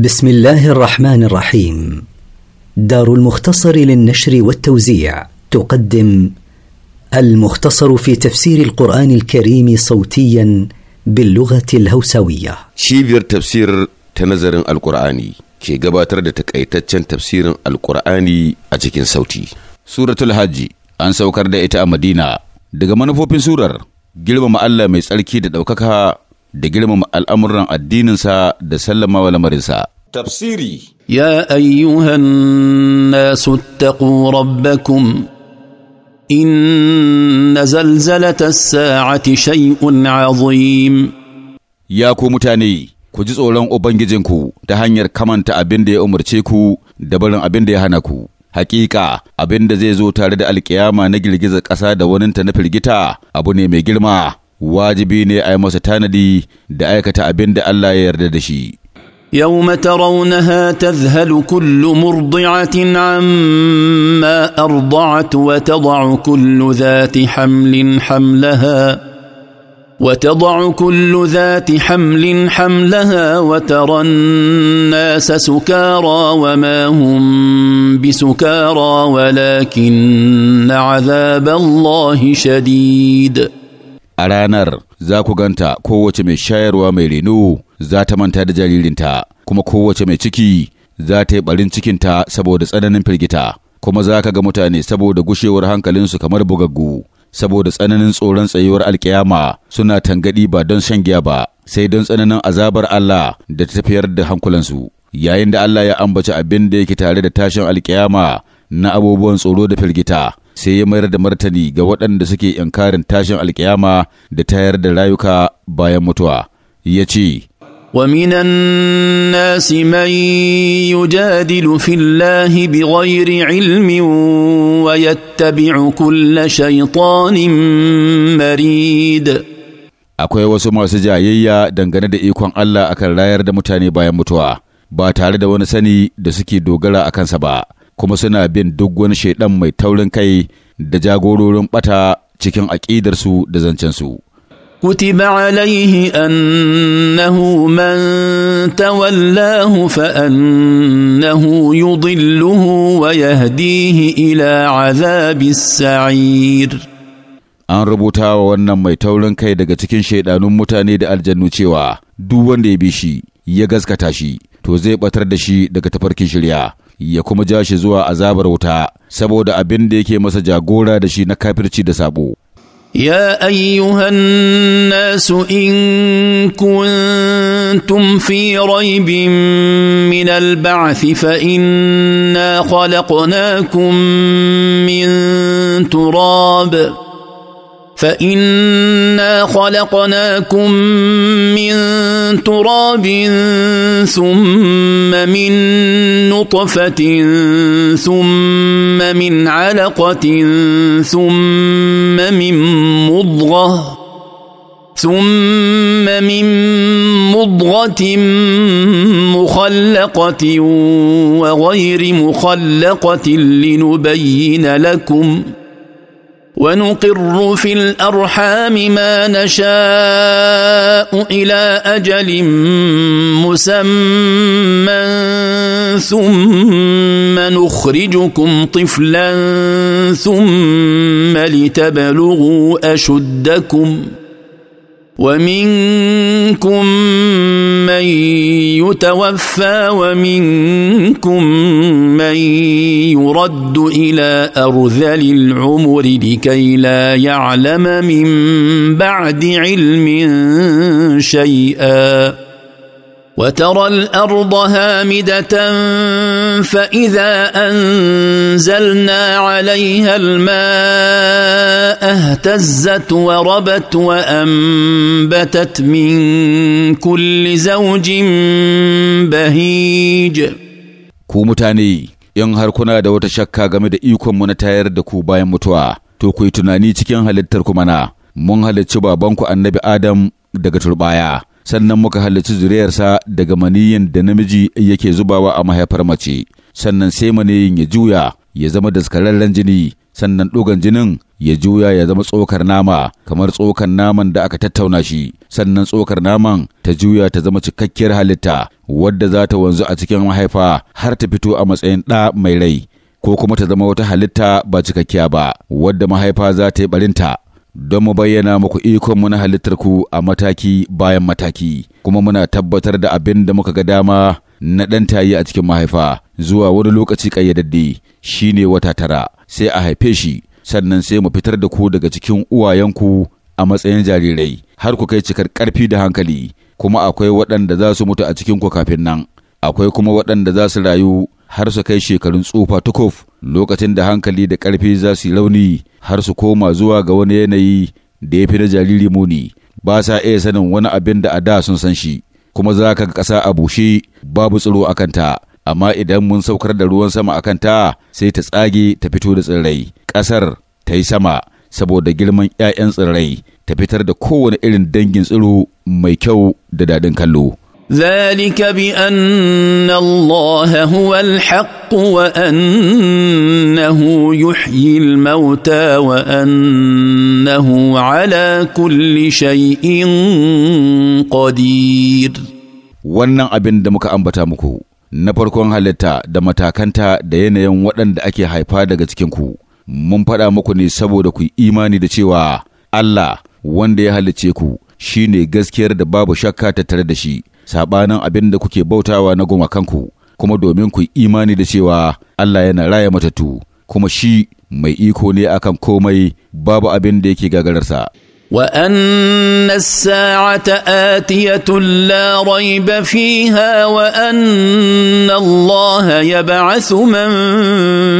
بسم الله الرحمن الرحيم دار المختصر للنشر والتوزيع تقدم المختصر في تفسير القرآن الكريم صوتيا باللغة الهوسوية شيفير تفسير تنظر القرآني كي قباتر تكأيتتشن تفسير القرآني أجيكين صوتي سورة الحج أن سوكر دا إتا مدينة daga manufofin surar girmama Allah mai tsarki da ɗaukaka da girmama al'amuran addininsa da sallama wa lamarinsa. Tafsiri Ya ayyuhan nasu taƙo rabbakum, na ta sa'ati shay'un azim. Ya ku mutane, ku ji tsoron Ubangijinku ta hanyar kamanta abin da ya umarce ku da barin abin da ya hana ku. hakika abin da zai zo tare da alkiyama na girgizar ƙasa da waninta na firgita abu ne mai girma wajibi ne a yi masa tanadi da aikata abin da Allah ya yarda da shi. يوم ترونها تذهل كل مرضعة عما أرضعت وتضع كل ذات حمل حملها وتضع كل ذات حمل حملها وترى الناس سكارى وما هم بسكارى ولكن عذاب الله شديد' a ranar za ku ganta kowace mai shayarwa mai reno za ta manta da jaririnta kuma kowace mai ciki za ta yi barin cikinta saboda tsananin firgita kuma za ka ga mutane saboda gushewar hankalinsu kamar bugaggu saboda tsananin tsoron tsayuwar alkiyama suna tangadi ba don shan giya ba sai don tsananin azabar Allah da tafiyar da hankulansu yayin da Allah ya ambaci abin da yake tare da tashin alkiyama na abubuwan tsoro da firgita sai ya mayar da martani ga waɗanda suke inkarin tashin alkiyama da tayar da rayuka bayan mutuwa ya ce ومن الناس من يجادل في الله بغير علم ويتبع كل شيطان مريد akwai wasu masu jayayya dangane da ikon Allah akan rayar da mutane bayan mutuwa ba tare da wani sani da suke dogara a kansa ba kuma suna bin duk wani shaidan mai taurin kai da jagororin bata cikin aƙidarsu da zancensu. كتب عليه انه من تولاه فانه يضله ويهديه الى عذاب السعير an rubuta wa wannan mai taurin kai daga cikin shaidanun mutane da aljannu cewa duk wanda ya bi shi ya gaskata shi to zai batar da shi daga tafarkin shirya ya kuma ja shi zuwa azabar wuta saboda abin da yake masa jagora da shi na kafirci da sabo يا ايها الناس ان كنتم في ريب من البعث فانا خلقناكم min تراب فانا خلقناكم من تراب ثم من نطفه ثم من علقه ثم من مضغه ثم من مضغه مخلقه وغير مخلقه لنبين لكم ونقر في الارحام ما نشاء الى اجل مسمى ثم نخرجكم طفلا ثم لتبلغوا اشدكم ومنكم من يتوفى ومنكم من يرد الى ارذل العمر لكي لا يعلم من بعد علم شيئا وترى الارض هامده فاذا انزلنا عليها الماء اهتزت وربت وانبتت من كل زوج بهيج ku mutane in har kuna da wata shakka game da ikonmu na tayar da ku bayan mutuwa to ku yi tunani cikin halittar kumana, mun halicci babanku annabi adam daga turbaya sannan muka halarci zuriyarsa daga maniyin da namiji yake zubawa a mahaifar mace sannan sai maniyin ya juya ya zama daskararren jini sannan dugan jinin ya juya ya zama tsokar nama kamar tsokar naman da aka tattauna shi sannan tsokar naman ta juya ta zama cikakkiyar halitta wadda za ta wanzu a cikin mahaifa har ta fito a matsayin ɗa mai rai ko kuma ta zama wata halitta ba cikakkiya ba wadda mahaifa za ta yi barinta don mu bayyana muku ikon muna halittar ku a mataki bayan mataki kuma muna tabbatar da abin da muka ga dama na ɗan a cikin mahaifa zuwa wani lokaci shi ne wata tara sai a haife shi sannan sai mu fitar da ku daga cikin uwayenku a matsayin jarirai har ku kai cikar ƙarfi da hankali kuma akwai waɗanda za su mutu a cikin ku kafin nan akwai kuma waɗanda za su rayu har su kai shekarun tsufa tukuf lokacin da hankali da ƙarfi za su yi rauni har su koma zuwa ga wani yanayi da ya fi na jariri muni ba sa iya sanin wani abin da a da sun san shi kuma za ka ga ƙasa a bushe babu tsiro a kanta amma idan mun saukar da ruwan sama a kanta sai ta tsage ta fito da tsirrai ƙasar ta yi sama saboda girman 'ya'yan tsirrai ta fitar da kowane irin dangin tsiro mai kyau da daɗin kallo. ذلك بان الله هو الحق وانه يحيي الموتى وانه على كل شيء قدير wannan abin da muka ambata muku na farkon halitta da matakanta da yanayin waɗanda ake haifa daga cikinku mun faɗa muku ne saboda ku imani da cewa Allah wanda ya halicce ku shine gaskiyar da babu shakka tattare da shi saɓanin abin da kuke bautawa na kanku, kuma domin ku imani da cewa Allah yana raya matattu kuma shi mai iko ne akan komai babu abin da yake gagararsa. وأن الساعة آتية لا ريب فيها وأن الله يبعث من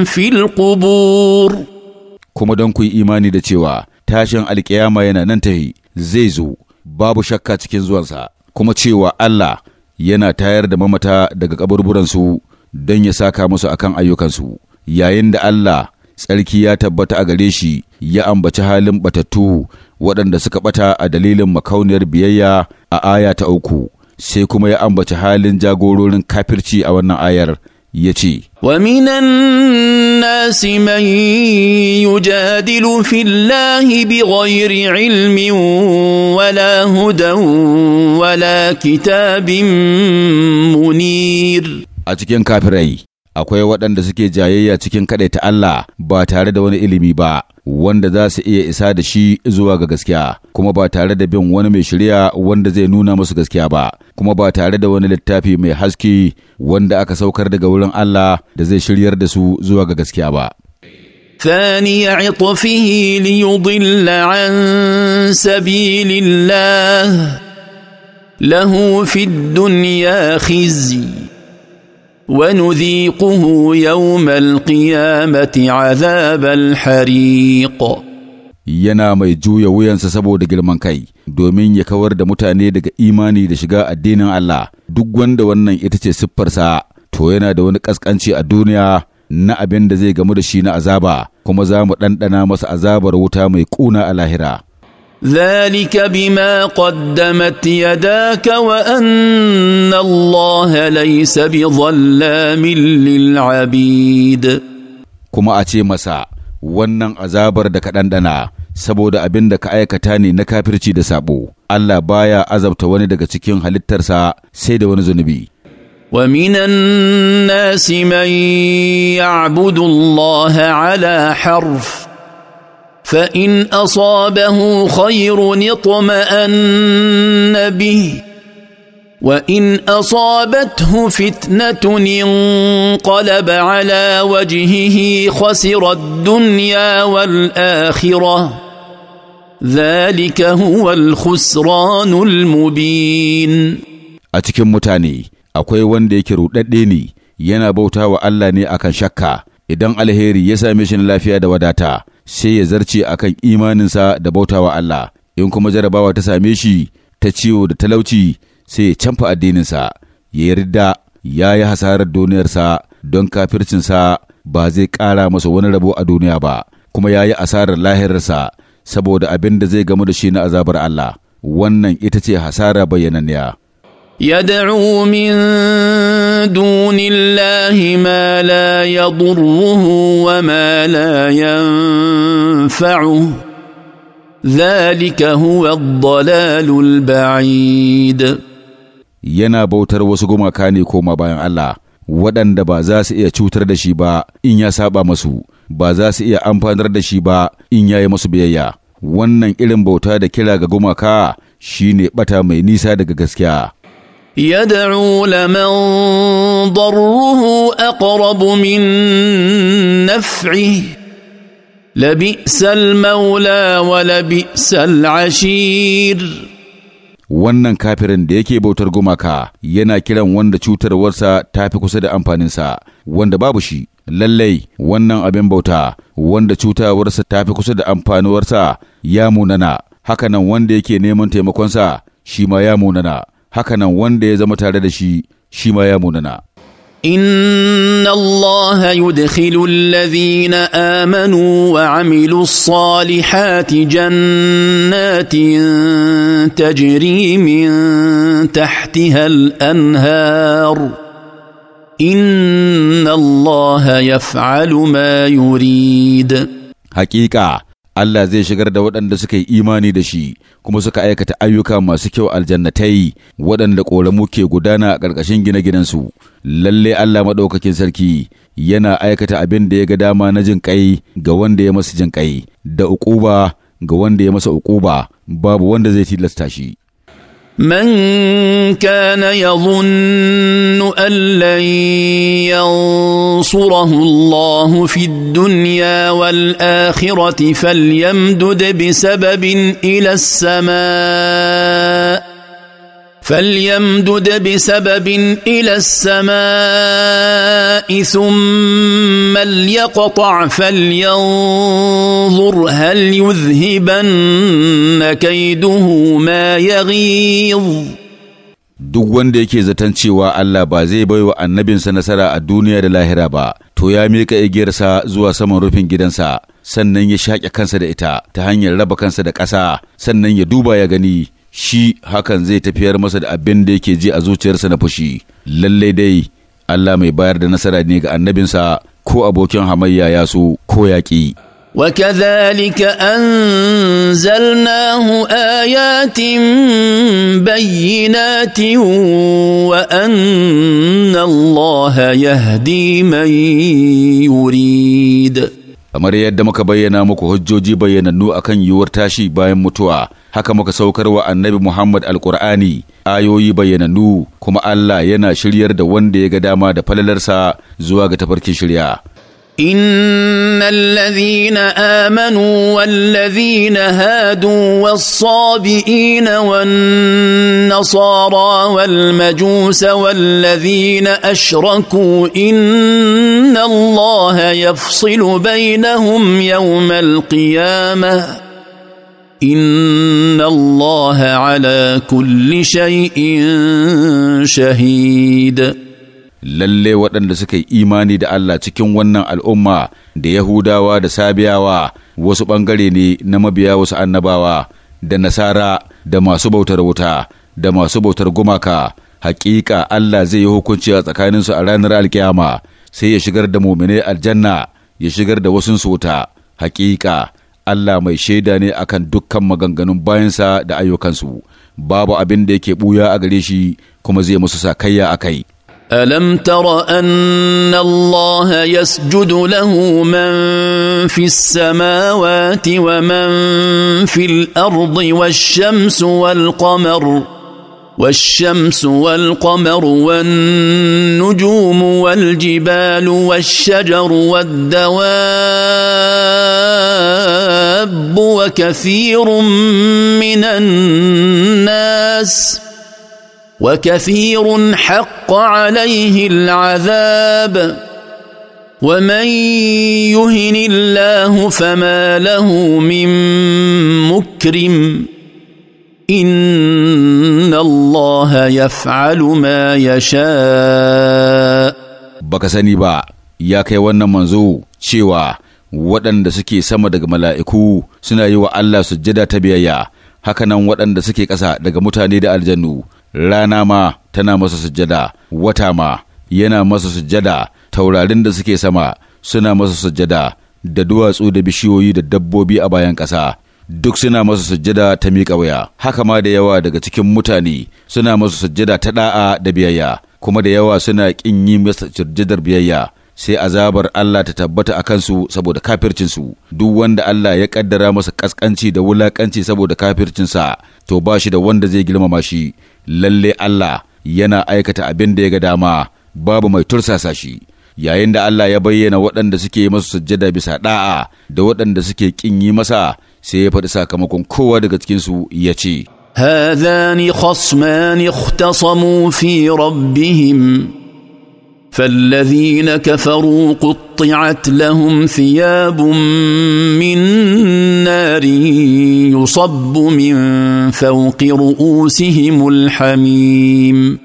في القبور kuma don إيماني yi imani da cewa tashin alƙiyama yana nan zai zo babu shakka cikin zuwansa kuma cewa Allah yana tayar da mamata daga kaburburansu don ya saka musu akan ayyukansu yayin da Allah tsarki ya tabbata a gare shi ya ambaci halin batattu waɗanda suka ɓata a dalilin makauniyar biyayya a aya ta uku sai kuma ya ambaci halin jagororin kafirci a wannan ayar ya ce الناس من يجادل في الله بغير علم ولا هدى ولا كتاب منير akwai waɗanda suke jayayya cikin kaɗai ta Allah ba tare da wani ilimi ba, wanda za su iya isa da shi zuwa ga gaskiya, kuma ba tare da bin wani mai shirya wanda zai nuna musu gaskiya ba, kuma ba tare da wani littafi mai haske wanda aka saukar daga wurin Allah da zai shiryar da su zuwa ga gaskiya ba. ثاني عطفه ليضل عن سبيل الله له في الدنيا خزي ونذيقه يوم القيامة عذاب الحريق yana mai juya wuyansa saboda girman kai domin ya kawar da mutane daga imani da shiga addinin Allah duk wanda wannan ita ce siffarsa to yana da wani ƙasƙanci a duniya na abin da zai gamu da shi na azaba kuma za mu ɗanɗana masa azabar wuta mai ƙuna a lahira ذلك بما قدمت يداك وان الله ليس بظلام للعبيد kuma a ce masa wannan azabar da ka ɗanɗana saboda abin da ka aikata ne na kafirci da sabo Allah baya azabta wani daga cikin halittarsa sai da wani zunubi minan nasi من يعبد الله على حرف فان اصابه خير اطمان به وان اصابته فتنه انقلب على وجهه خسر الدنيا والاخره ذلك هو الخسران المبين a cikin mutane akwai wanda yake ruɗaɗɗe ne yana bauta wa Allah ne akan shakka idan alheri ya same shi lafiya da wadata sai ya zarce a kan imaninsa da bautawa Allah in kuma jarabawa ta same shi ta ciwo da talauci sai ya canfa addininsa ya yarda ya yi hasarar duniyarsa don kafircinsa ba zai ƙara masa wani rabo a duniya ba kuma ya yi asarar lahirarsa saboda abin da zai gamu da shi na azabar Allah wannan ita ce hasara bayyananniya. يدعو من دون الله ما لا يضره وما لا ينفعه ذلك هو الضلال البعيد yana bautar wasu gumaka ne koma bayan Allah waɗanda ba za su iya cutar da shi ba in ya saba masu ba za su iya amfanar da shi ba in ya yi masu biyayya wannan irin bauta da kira ga gumaka shine ɓata mai nisa daga gaskiya يدعو لمن ضره اقرب من نفعه لبئس المولى ولبئس العشير wannan kafirin da yake bautar gumaka yana kiran wanda cutarwarsa ta fi kusa da amfaninsa wanda babu shi lallai wannan abin bauta wanda warsa ta fi kusa da amfanuwarsa ya munana hakanan wanda yake neman taimakonsa shi ma ya munana hakanan wanda ya zama tare da shi shi ma ya munana ان الله يدخل الذين امنوا وعملوا الصالحات جنات تجري من تحتها الانهار ان الله يفعل ما يريد حقيقه Allah zai shigar da waɗanda suka yi imani da shi kuma suka aikata ayyuka masu kyau aljannatai waɗanda ƙoramu ke gudana a ƙarƙashin gine-ginensu. Lalle Allah maɗaukakin sarki yana aikata abin da ya ga dama na jin ƙai ga wanda ya masa jin ƙai da uƙuba ga wanda ya masa uƙuba babu wanda zai tilasta shi. من كان يظن ان لن ينصره الله في الدنيا والاخره فليمدد بسبب الى السماء فليمدد بسبب الى السماء ثم ليقطع فلينظر هل يذهبن كيده ما يغيظ duk wanda yake zaton cewa Allah ba zai baiwa annabinsa nasara a duniya da lahira ba to ya mika igiyarsa zuwa saman rufin gidansa sannan ya shaƙe kansa da ita ta hanyar raba kansa da ƙasa sannan ya duba ya gani shi hakan zai tafiyar masa da abin da yake ji a zuciyarsa na fushi lallai dai Allah mai bayar da nasara ne ga annabinsa ko abokin hamayya ya so ko yaƙi. وكذلك wa ايات بينات وان الله يهدي من da. kamar yadda muka bayyana muku hujjoji bayyanannu akan yiwuwar tashi bayan mutuwa haka muka saukar wa annabi Muhammad Al-Qur'ani ayoyi bayyananu kuma Allah yana shiryar da wanda ya ga dama da falalarsa zuwa ga tafarkin shirya. ان الذين امنوا والذين هادوا والصابئين والنصارى والمجوس والذين اشركوا ان الله يفصل بينهم يوم القيامه ان الله على كل شيء شهيد lalle waɗanda suka yi imani da Allah cikin wannan al'umma da Yahudawa da Sabiyawa wasu ɓangare ne na mabiya wasu annabawa da Nasara da masu bautar wuta da masu bautar gumaka hakika Allah zai yi hukunci a tsakaninsu a ranar alkiyama sai ya shigar da muminai aljanna ya shigar da wasu wuta hakika Allah mai shaida ne akan dukkan maganganun bayansa da ayyukansu babu abin da yake buya a gare shi kuma zai musu sakayya a kai ألم تر أن الله يسجد له من في السماوات ومن في الأرض والشمس والقمر والشمس والقمر والنجوم والجبال والشجر والدواب وكثير من الناس وكثير حق عليه العذاب ومن يهن الله فما له من مكرم ان الله يفعل ما يشاء baka sani ba ya kai wannan manzo cewa waɗanda suke sama daga mala'iku suna yi wa Allah sujjada ta biyayya Haka nan waɗanda suke ƙasa daga mutane da aljannu rana ma tana masa sujjada wata ma yana masa sujjada taurarin da suke sama suna masa sujjada da duwatsu da bishiyoyi da dabbobi a bayan ƙasa duk suna masa sujjada ta miƙa waya haka ma da yawa daga cikin mutane suna masa sujjada ta da'a da biyayya kuma da yawa suna ƙin yi masa sujjadar biyayya sai azabar Allah ta tabbata akan su saboda kafircinsu duk wanda Allah ya kaddara masa kaskanci da wulakanci saboda kafircinsa to ba shi da wanda zai girmama shi lalle Allah yana aikata abin da ya ga dama babu mai tursasa shi yayin da Allah ya bayyana waɗanda suke masa sujjada bisa da'a da waɗanda suke ƙin yi masa sai ya faɗi sakamakon kowa daga cikinsu ya ce hazani خصمان اختصموا fi rabbihim فالذين كفروا قطعت لهم ثياب من نار يصب من فوق رؤوسهم الحميم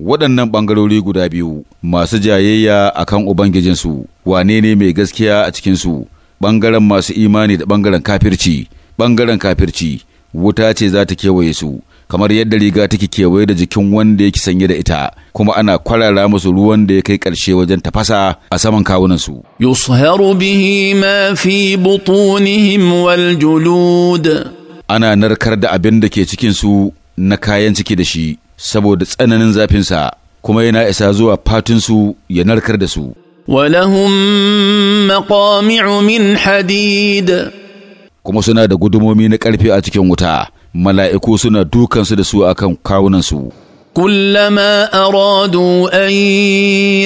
waɗannan ɓangarori guda biyu masu jayayya akan Ubangijinsu wane ne mai gaskiya a cikinsu ɓangaren masu imani da ɓangaren kafirci ɓangaren kafirci wuta ce za ta kewaye su kamar yadda riga take kewaye da jikin wanda yake sanye da ita kuma ana kwarara musu ruwan da ya kai ƙarshe wajen tafasa a saman kawunansu. yusharu bihi ma fi butunihim wal julud ana narkar da abin da ke cikinsu na kayan ciki da shi saboda tsananin zafinsa kuma yana isa zuwa fatinsu ya narkar da su ولهم مقامع من حديد kuma suna da gudumomi na ƙarfe a cikin wuta mala'iku suna dukansu da su akan kawunansu كلما أرادوا أن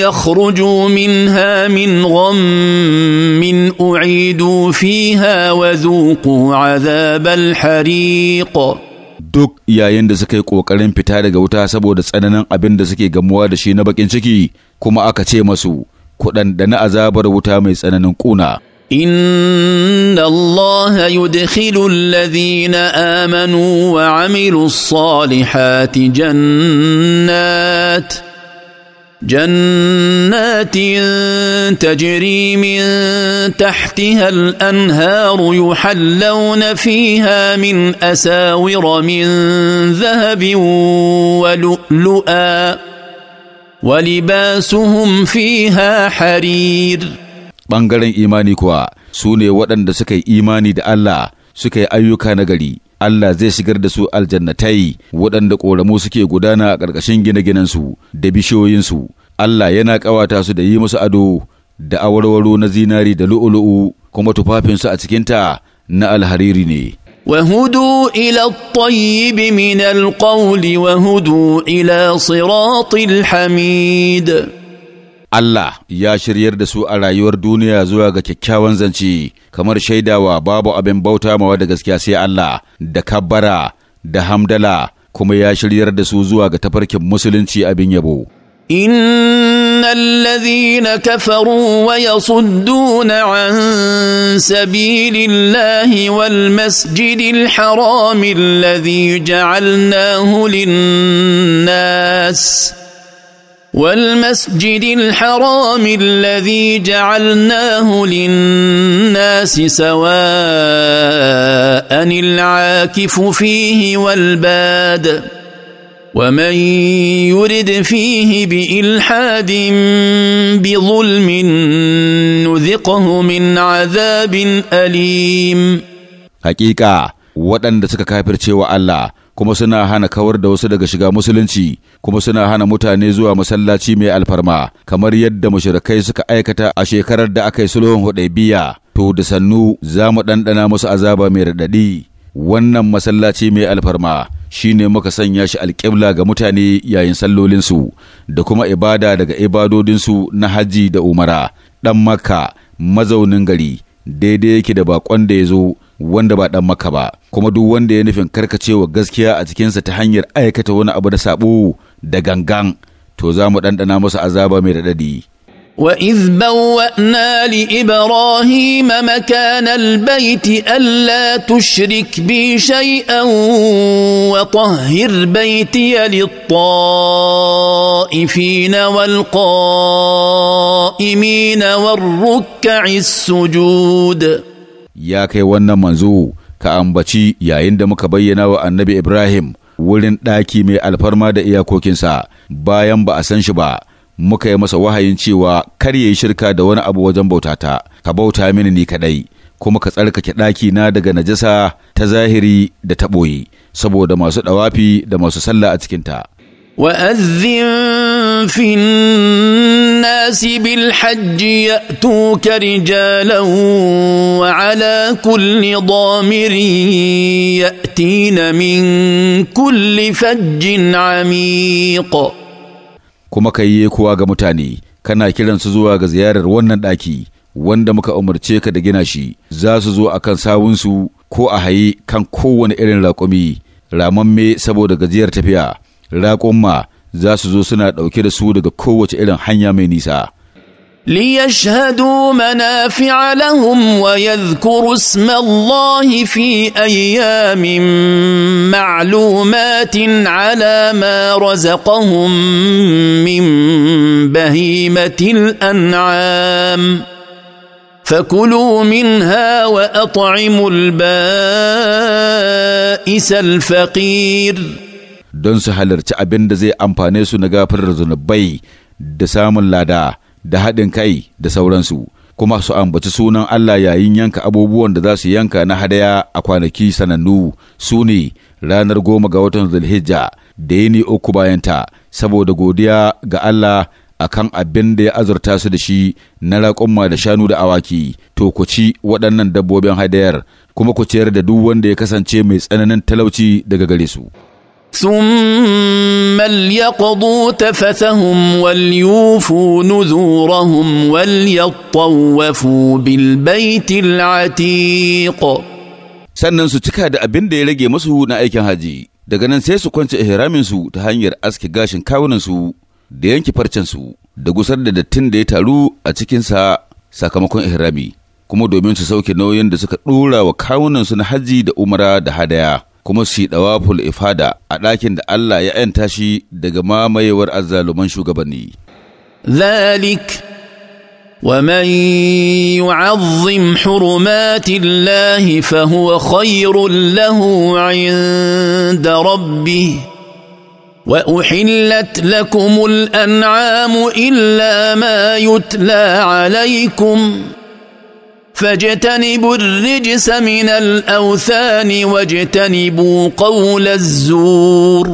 يخرجوا منها من غم أعيدوا فيها وذوقوا عذاب الحريق duk yayin da suka yi ƙoƙarin fita daga wuta saboda tsananin abin da suke gamuwa da shi na bakin ciki kuma aka ce masu na azabar wuta mai tsananin kuna. ان الله يدخل الذين امنوا وعملوا الصالحات جنات جنات تجري من تحتها الانهار يحلون فيها من اساور من ذهب ولؤلؤا ولباسهم فيها حرير ɓangaren imani kuwa su ne waɗanda suka yi imani da Allah suka yi ayyuka na gari Allah zai shigar da su aljannatai waɗanda ƙoramu suke gudana a ƙarƙashin gine-ginensu da bishiyoyinsu Allah yana ƙawata su da yi musu ado da awarwaro na zinari da lu'ulu'u kuma tufafinsu a cikinta na alhariri ne. وهدوا الى الطيب من القول وهدوا الى صراط الحميد Allah ya shiryar da su a rayuwar duniya zuwa ga kyakkyawan zance kamar shaidawa babu abin bauta mawa da gaskiya sai Allah da kabbara da hamdala kuma ya shiryar da su zuwa ga tafarkin musulunci abin yabo. ان الذين كفروا ويصدون عن سبيل الله والمسجد الحرام الذي جعلناه للناس والمسجد الحرام الذي جعلناه للناس سواء العاكف فيه والباد ومن يرد فيه بالحاد بظلم نذقه من عذاب اليم حقيقه waɗanda suka kafirce wa Allah kuma suna hana kawar da wasu daga shiga musulunci kuma suna hana mutane zuwa masallaci mai alfarma kamar yadda mushrikai suka aikata a shekarar da aka yi sulhun hudaybiya to da sannu za mu ɗanɗana musu azaba mai raɗaɗi wannan masallaci mai alfarma shi ne muka sanya shi alƙibla ga mutane yayin sallolinsu da kuma ibada daga ibadodinsu na hajji da umara ɗan maka mazaunin gari daidai yake da bakon da ya zo wanda ba ɗan maka ba kuma duk wanda ya nufin karkacewa gaskiya a cikinsa ta hanyar aikata wani abu da saɓo da gangan to za mu ɗanɗana masa azaba mai raɗaɗi واذ بوانا لابراهيم مكان البيت الا تشرك بي شيئا وطهر بيتي للطائفين والقائمين والركع السجود يا kai wannan manzo ka ambaci yayin da muka bayyana wa annabi ibrahim wurin ɗaki mai alfarma da iyakokinsa bayan ba a san shi ba muka yi masa wahayin cewa kar ya yi shirka da wani abu wajen bautata ka bauta mini ni kaɗai kuma ka tsarkake ɗaki na daga najasa ta zahiri da ta ɓoye saboda masu ɗawafi da masu sallah a cikinta. وأذن في الناس بالحج يأتوك رجالا وعلى كل ضامر يأتين من كل فج عميق' kuma ka yi kuwa ga mutane kana kiran su zuwa ga ziyarar wannan ɗaki wanda muka umarce ka da gina shi za su zo a kan sawunsu ko a haye kan kowane irin raƙumi ramamme saboda gajiyar tafiya raƙumma za su zo suna ɗauke da su daga kowace irin hanya mai nisa ليشهدوا منافع لهم ويذكروا اسم الله في ايام معلومات على ما رزقهم من بهيمه الانعام فكلوا منها واطعموا البائس الفقير don su halarci دزي امبانيسو نغافر رزن su دسام gafarar da haɗin kai da sauransu kuma su ambaci sunan Allah yayin yanka abubuwan da za su yanka na hadaya a kwanaki sanannu su ne ranar goma ga watan zulhijja da yini uku bayanta saboda godiya ga Allah a kan abin da ya azurta su da shi na raƙumma da shanu da awaki to ku ci waɗannan dabbobin hadayar kuma ku ciyar da duk wanda ya kasance mai tsananin talauci daga gare su. ثم ليقضوا تفثهم وليوفوا نذورهم وليطوفوا بالبيت العتيق sannan su cika da abin da ya rage masu na aikin haji daga nan sai su kwance ihraminsu ta hanyar aske gashin kawunansu da yanke farcensu da gusar da dattin da ya taru a cikinsa sakamakon ihrami kuma domin su sauke nauyin da suka ɗora wa kawunansu na haji da umara da hadaya kuma su yi ɗawaful ifada a ɗakin da Allah ya ‘yanta shi daga mamayewar azzaluman shugabanni. Zalik wa ومن يعظم حرمات الله فهو خير له عند ربه واحلت لكم الانعام الا ما يتلى عليكم فاجتنبوا الرجس من الأوثان واجتنبوا قول الزور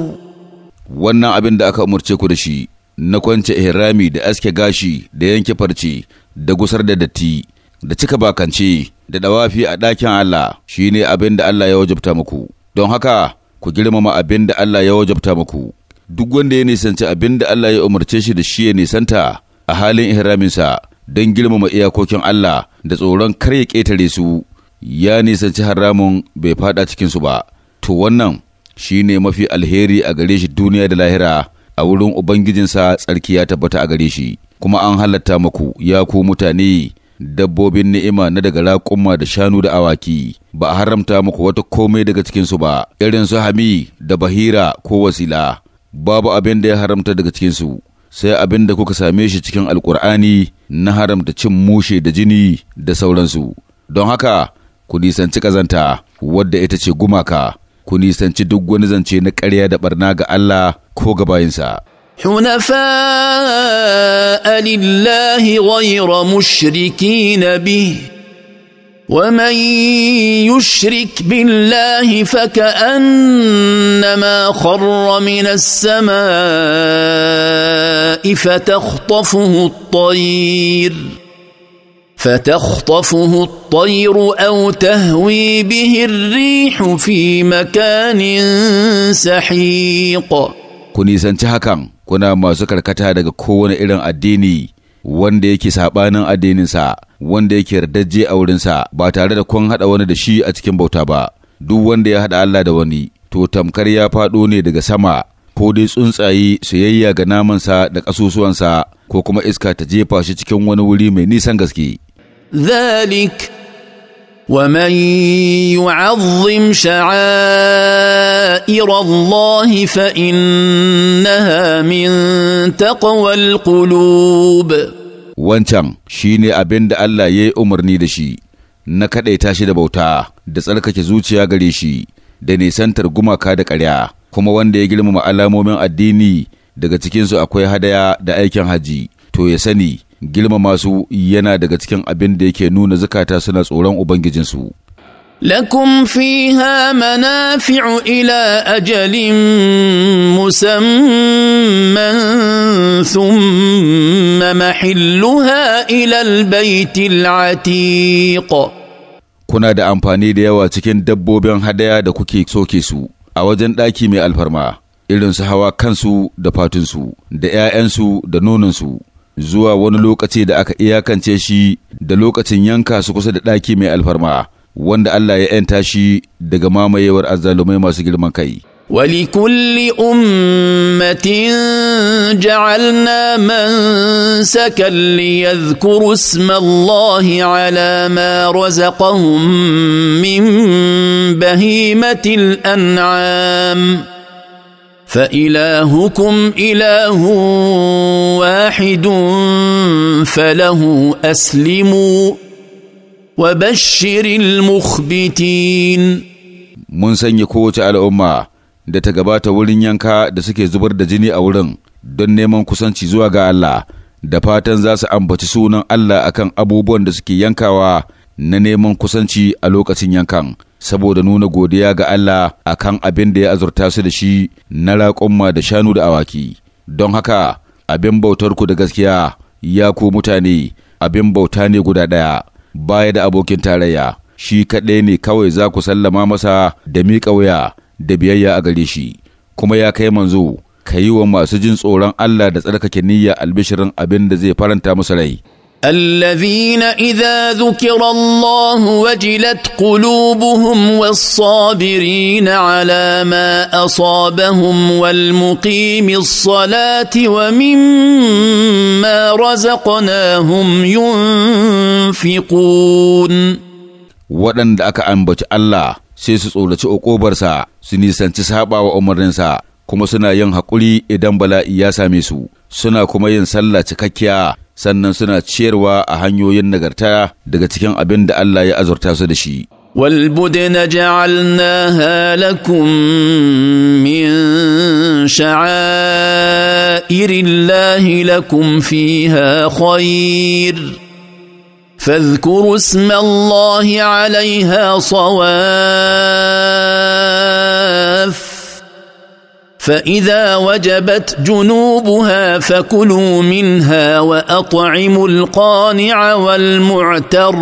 wannan abin da aka umarce ku da shi na kwance ihrami da aske gashi da yanke farce da gusar da datti da cika bakance da dawafi a ɗakin Allah shine abin da Allah ya wajabta muku don haka ku girmama abin da Allah ya wajabta muku duk wanda ya nisanci abin da Allah ya umarce shi da shi ya nisanta a halin ihraminsa don girmama iyakokin Allah da tsoron kar ya ƙetare su ya nisanci haramun bai fada cikinsu ba to wannan shi ne mafi alheri a gare shi duniya da lahira a wurin ubangijinsa tsarki ya tabbata a gare shi kuma an halatta maku ya ku mutane dabbobin ni'ima na daga raƙumma da shanu da awaki ba a haramta muku wata komai daga cikinsu ba irin su hami da bahira ko wasila babu abin da ya haramta daga cikinsu sai abin da kuka same shi cikin alkur'ani na haramta cin mushe da jini da sauransu don haka ku nisanci ƙazanta wadda ita ce gumaka ku nisanci duk wani zance na ƙarya da barna ga Allah ko ga bayinsa. حنفاء لله غير مشركين به ومن يشرك بالله فكانما خر من السماء فتخطفه الطير فتخطفه الطير او تهوي به الريح في مكان سحيق كوني زنتهاكا كنا ما كتا daga kowane irin addini wanda yake saɓanin addininsa wanda yake yardaje a wurinsa ba tare da kun haɗa wani da shi a cikin bauta ba duk wanda ya haɗa Allah da wani to tamkar ya faɗo ne daga sama ko dai tsuntsaye su yayya ga namansa da ƙasusuwansa ko kuma iska ta jefa shi cikin wani wuri mai nisan gaske. Zalik ومن يعظم شعائر الله فانها من تقوى القلوب wancan shi ne abin da Allah ya yi umarni da shi na kaɗaita shi da bauta da tsarkake zuciya gare shi da nisantar gumaka da karya, kuma wanda ya girmama alamomin addini daga cikinsu akwai hadaya da aikin hajji to ya sani Gilma masu yana daga cikin abin da yake nuna zukata suna tsoron ubangijinsu لكم فيها منافع الى اجل مسمى ثم محلها الى البيت العتيق kuna da amfani da yawa cikin dabbobin hadaya da kuke soke su a wajen ɗaki mai alfarma irin su hawa kansu da fatunsu da ‘ya'yansu da nonansu zuwa wani lokaci da aka iyakance shi da lokacin yanka su kusa da ɗaki mai alfarma wanda Allah ya ‘yanta shi daga mamayewar azzalumai masu girman kai. ولكل أمة جعلنا منسكا ليذكروا اسم الله على ما رزقهم من بهيمة الأنعام فإلهكم إله واحد فله أسلموا وبشر المخبتين mun sanya kowace al'umma da ta gabata wurin yanka da suke zubar da jini a wurin don neman kusanci zuwa ga Allah da fatan za su ambaci sunan Allah akan abubuwan da suke yankawa na neman kusanci a lokacin yankan. saboda nuna godiya ga Allah akan abin da ya azurta su da shi na raƙumma da shanu da awaki don haka abin bautarku da gaskiya ya ku mutane abin bauta ne guda ɗaya baya da abokin tarayya shi kaɗai ne kawai za ku sallama masa da miƙa wuya da biyayya a gare shi kuma ya kai manzo ka yi wa masu jin tsoron Allah da tsarkake niyya albishirin abin da zai faranta musu rai الذين اذا ذكر الله وجلت قلوبهم والصابرين على ما اصابهم والمقيم الصلاه ومما رزقناهم ينفقون waɗanda aka ambaci Allah sai su tsoraci ƙobarsa su nisanci saɓa wa umarninsa kuma suna yin haƙuri idan bala'i ya same su suna kuma yin sallah cikakkiya sannan suna ciyarwa a hanyoyin nagarta daga cikin abin da Allah ya azurta su da shi. والبدن جعلناها لكم من شعائر الله لكم فيها خير فاذكروا اسم الله عليها صواف فاذا وجبت جنوبها فكلوا منها واطعموا القانع والمعتر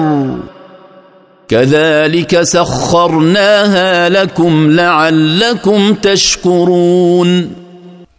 كذلك سخرناها لكم لعلكم تشكرون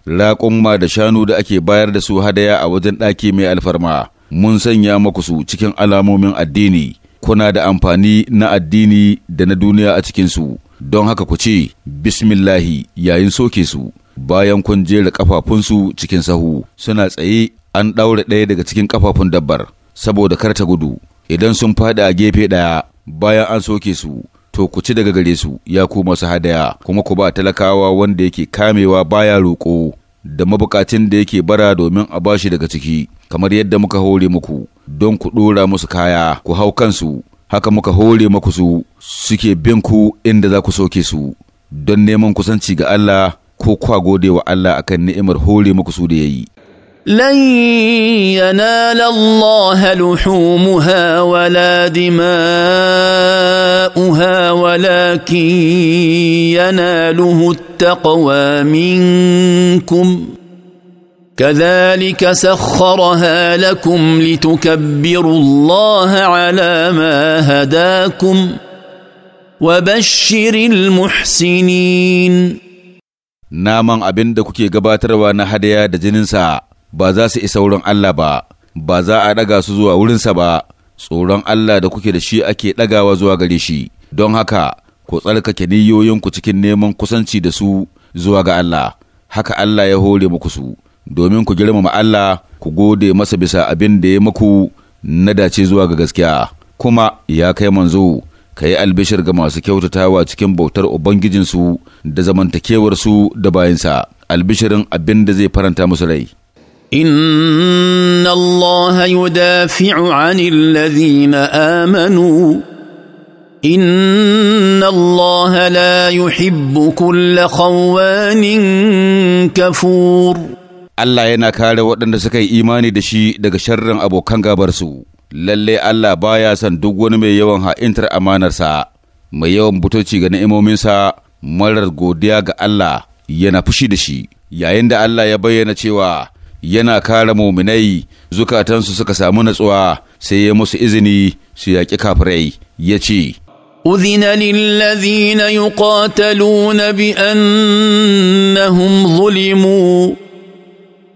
laƙon ma da shanu da ake bayar da su hadaya a wajen ɗaki mai alfarma mun sanya maku su cikin alamomin addini kuna da amfani na addini da na duniya a cikinsu don haka ku ce, Bismillahi yayin soke su, bayan kun jera ƙafafunsu cikin sahu, suna tsaye an ɗaura ɗaya daga cikin ƙafafun dabbar, saboda kar ta gudu, idan sun faɗi a gefe ɗaya bayan an soke su, to ku ci daga gare su ya ku masu hadaya, kuma ku ba talakawa wanda yake kamewa baya roƙo da mabukacin da yake bara domin a bashi daga ciki, kamar yadda muka hore muku, don ku ɗora musu kaya, ku hau kansu, haka muka hore muku su suke bin ku inda za ku sauke su don neman kusanci ga Allah ko kwa gode wa Allah akan ni'imar hore muku su da ya yi. لن ينال الله لحومها ولا دماؤها ولكن يناله التقوى منكم كذلك سخرها لكم لتكبروا الله على ما هداكم ۖ وبشر المحسنين naman abin da kuke gabatarwa na hadaya da jininsa ba za su isa wurin Allah ba, ba za a ɗaga su zuwa wurinsa ba, tsoron Allah da kuke da shi ake ɗagawa zuwa gare shi, don haka ku tsarkake niyoyinku cikin neman kusanci da su zuwa ga Allah, haka Allah ya hore muku su, domin ku girmama Allah ku gode masa bisa abin da ya muku na dace zuwa ga gaskiya, kuma ya kai manzo. ka yi albishir ga masu kyautatawa cikin bautar Ubangijinsu da zamantakewarsu da bayansa, albishirin abin da zai faranta musu rai. إن الله يدافع عن الذين amanu, inna الله لا يحب kulle خوان kafur. Allah yana kare waɗanda suka yi imani da shi daga sharrin abokan gabarsu. lalle Allah ba ya son duk wani mai yawan ha'intar amanarsa, mai yawan butoci ga na'imominsa marar godiya ga Allah yana fushi da shi, yayin da Allah ya bayyana cewa yana kare muminai zukatansu suka samu natsuwa sai ya musu izini su yaƙi kafirai ya ce, أذن للذين يقاتلون بأنهم ظلموا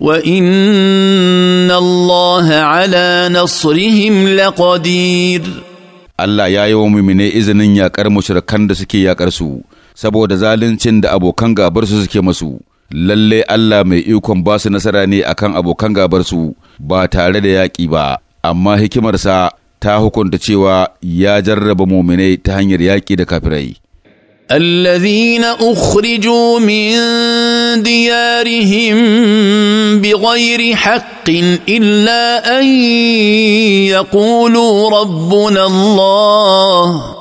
وان الله على نصرهم لقدير Allah ya yi wa mumine izinin yaƙar mushrikan da suke yaƙar su saboda zaluncin da abokan gabar su suke masu lalle Allah mai ikon ba su nasara ne akan abokan gabar su ba tare da yaƙi ba amma hikimarsa ta hukunta cewa ya jarraba muminai ta hanyar yaƙi da kafirai الذين اخرجوا من ديارهم بغير حق الا ان يقولوا ربنا الله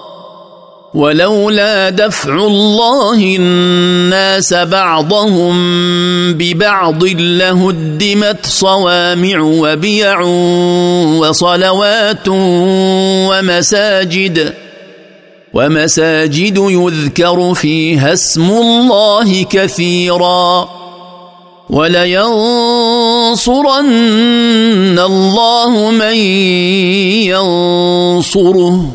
ولولا دفع الله الناس بعضهم ببعض لهدمت صوامع وبيع وصلوات ومساجد ومساجد يذكر فيها اسم الله كثيرا ولينصرن الله من ينصره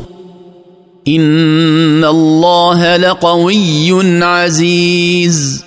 ان الله لقوي عزيز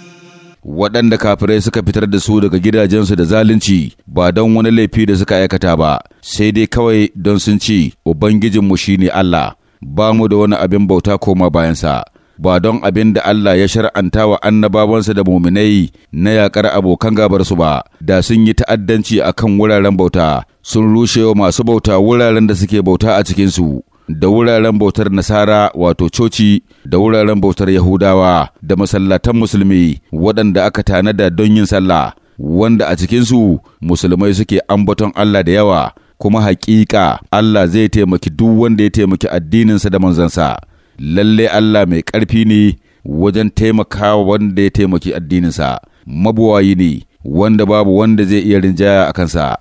waɗanda kafirai suka fitar da su daga gidajensu da zalunci ba don wani laifi da suka aikata ba sai dai kawai don sun ce ubangijinmu ne Allah ba mu da wani abin bauta koma bayansa ba don abin da Allah ya shar'anta wa annabawansa da muminai na yakar abokan gabarsu ba da sun yi ta'addanci a kan wuraren bauta sun rushe wa masu bauta wuraren da suke bauta a cikinsu da wuraren bautar Nasara wato coci da wuraren bautar Yahudawa da masallatan musulmi waɗanda aka tanada don yin sallah wanda a cikinsu musulmai suke ambaton Allah da yawa kuma hakika Allah zai taimaki duk wanda ya taimaki addininsa da manzansa lalle Allah mai ƙarfi ne wajen taimakawa wanda ya taimaki addininsa mabuwayi ne wanda babu wanda zai iya rinjaya a kansa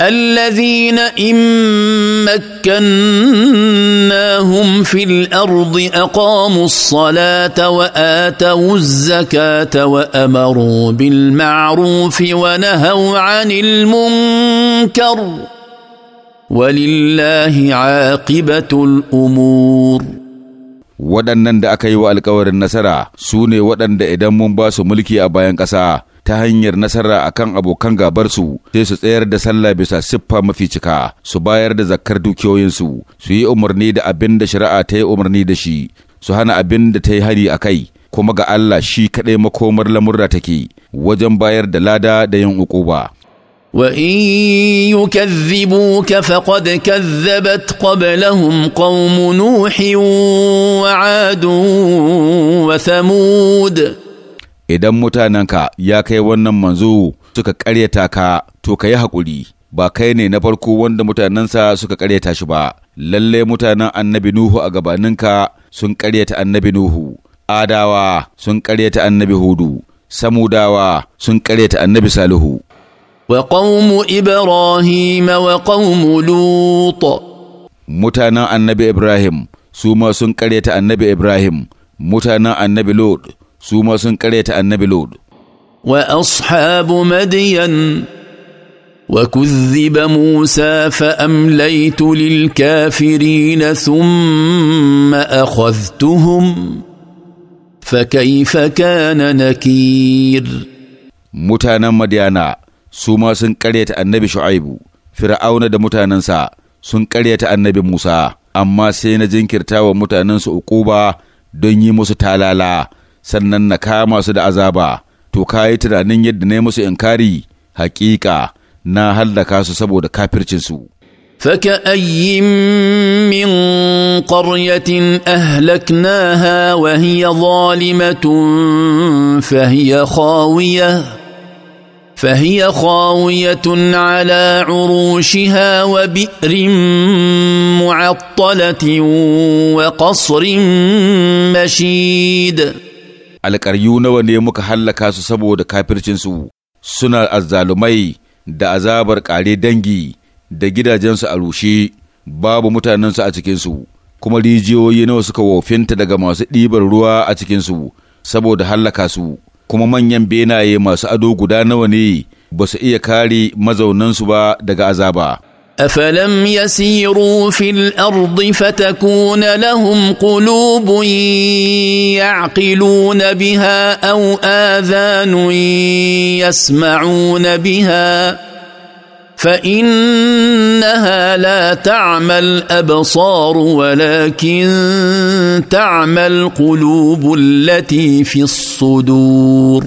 الذين إن مكناهم في الأرض أقاموا الصلاة وآتوا الزكاة وأمروا بالمعروف ونهوا عن المنكر ولله عاقبة الأمور waɗannan da aka yi wa alkawarin nasara su ne waɗanda idan mun ba su mulki a bayan ƙasa ta hanyar nasara a kan abokan gabarsu sai su tsayar da sallah bisa siffa mafi cika su bayar da zakkar dukiyoyinsu su yi umarni da abin da shari'a ta yi umarni da shi su hana abin da ta yi hari a kai kuma ga Allah shi kaɗai makomar lamurra take wajen bayar da lada da yin uku ba. وان يكذبوك فقد كذبت قبلهم قوم نوح وعاد وثمود idan mutanenka ya kai wannan manzo suka ƙaryata ka to ka yi haƙuri ba kai ne na farko wanda mutanensa suka ƙaryata shi ba lalle mutanen annabi nuhu a gabaninka sun ƙaryata annabi nuhu adawa sun ƙaryata annabi hudu samudawa sun ƙaryata annabi salihu وقوم إبراهيم وقوم لوط متانا النبي إبراهيم سوما سنكرية النبي إبراهيم متانا النبي لوط سوما سنكرية النبي لوط وأصحاب مدين وكذب موسى فامليت للكافرين ثم اخذتهم فكيف كان نكير متانا مديانا su ma sun ƙaryata annabi Shu'aibu, Fir'auna da mutanensa sun ƙaryata annabi Musa, amma sai na jinkirta wa mutanensu uquba don yi musu talala, sannan na kama su da azaba, to ka yi tunanin yadda na yi musu inkari, hakika na hallaka su saboda kafircinsu. فكأي من قرية أهلكناها وهي ظالمة فهي خاوية فهي ala على عروشها وبئر معطلة وقصر مشيد alƙaryu nawa ne muka hallaka su saboda kafircinsu suna azzalumai da azabar ƙare dangi da gidajensu a rushe babu mutanensu a cikinsu kuma rijiyoyi nawa suka wofinta daga masu ɗibar ruwa a cikinsu saboda hallaka su kuma manyan benaye masu ado guda nawa ne ba su iya kare mazaunansu ba daga azaba. أفلم يسيروا في الأرض فتكون لهم قلوب يعقلون بها أو آذان يسمعون بها ۖ فانها لا تعمى الابصار ولكن تعمى القلوب التي في الصدور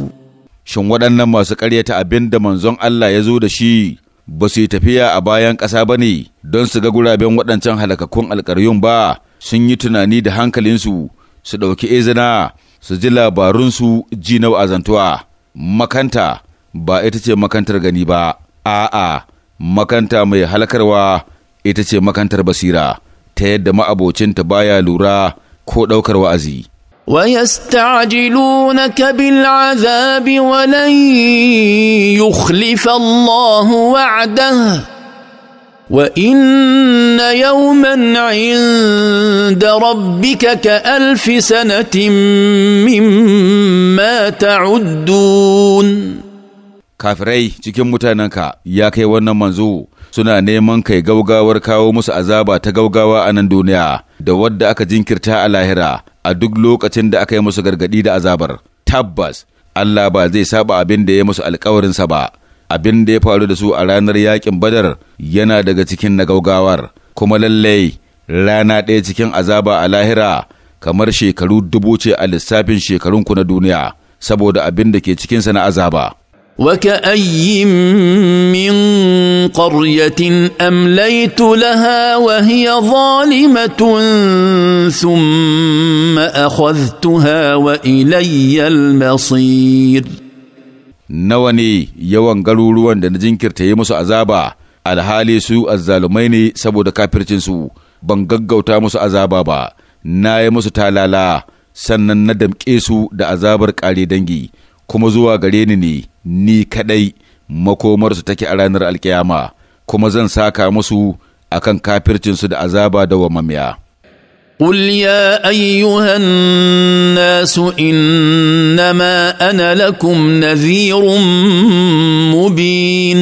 shin waɗannan masu ƙaryata abin da manzon Allah ya zo da shi ba su yi tafiya a bayan ƙasa ba ne don su ga guraben waɗancan halakakkun alƙaryun ba sun yi tunani da hankalinsu su ɗauki izina su ji labarunsu ji na wa'azantuwa makanta ba ita ce makantar gani ba a'a makanta mai halakarwa ita ce makantar basira ta yadda ma'abocinta baya lura ko ɗaukar wa'azi. ويستعجلونك بالعذاب ولن يخلف الله وعده وان يوما عند ربك كالف سنه مما تعدون kafirai cikin mutanenka ya kai wannan manzo suna neman kai gaugawar kawo musu azaba ta gaugawa a nan duniya da wadda aka jinkirta a lahira a duk lokacin da aka yi musu gargadi da azabar tabbas Allah ba zai saba abin da ya musu alkawarinsa ba abin da ya faru da su a ranar yakin badar yana daga cikin na gaugawar kuma lallai rana ɗaya cikin azaba a lahira kamar shekaru dubu ce a lissafin shekarunku na duniya saboda abin da ke cikinsa na azaba وكأي من قرية أمليت لها وهي ظالمة ثم أخذتها وإلي المصير نواني يوان قلولوان دان جنكر تيمس عذابا alhali su azzalumai ne saboda kafircinsu ban gaggauta musu azaba ba na yi musu talala sannan na damƙe su da azabar ƙare dangi kuma zuwa gare ni ne ni kaɗai makomarsu take a ranar alkiyama kuma zan saka musu akan kafircinsu da azaba da wamamiya. قل يا ايها الناس انما انا لكم نذير مبين